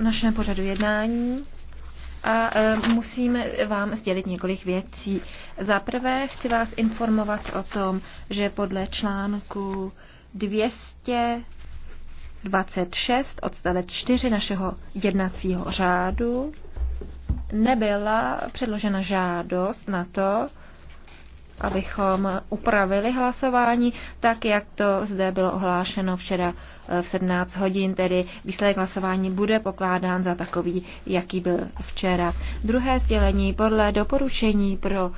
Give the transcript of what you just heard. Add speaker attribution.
Speaker 1: našem pořadu jednání a e, musím vám sdělit několik věcí. Za prvé chci vás informovat o tom, že podle článku 226 odstavec 4 našeho jednacího řádu nebyla předložena žádost na to, abychom upravili hlasování tak, jak to zde bylo ohlášeno včera eh, v 17 hodin, tedy výsledek hlasování bude pokládán za takový, jaký byl včera. Druhé sdělení podle doporučení
Speaker 2: pro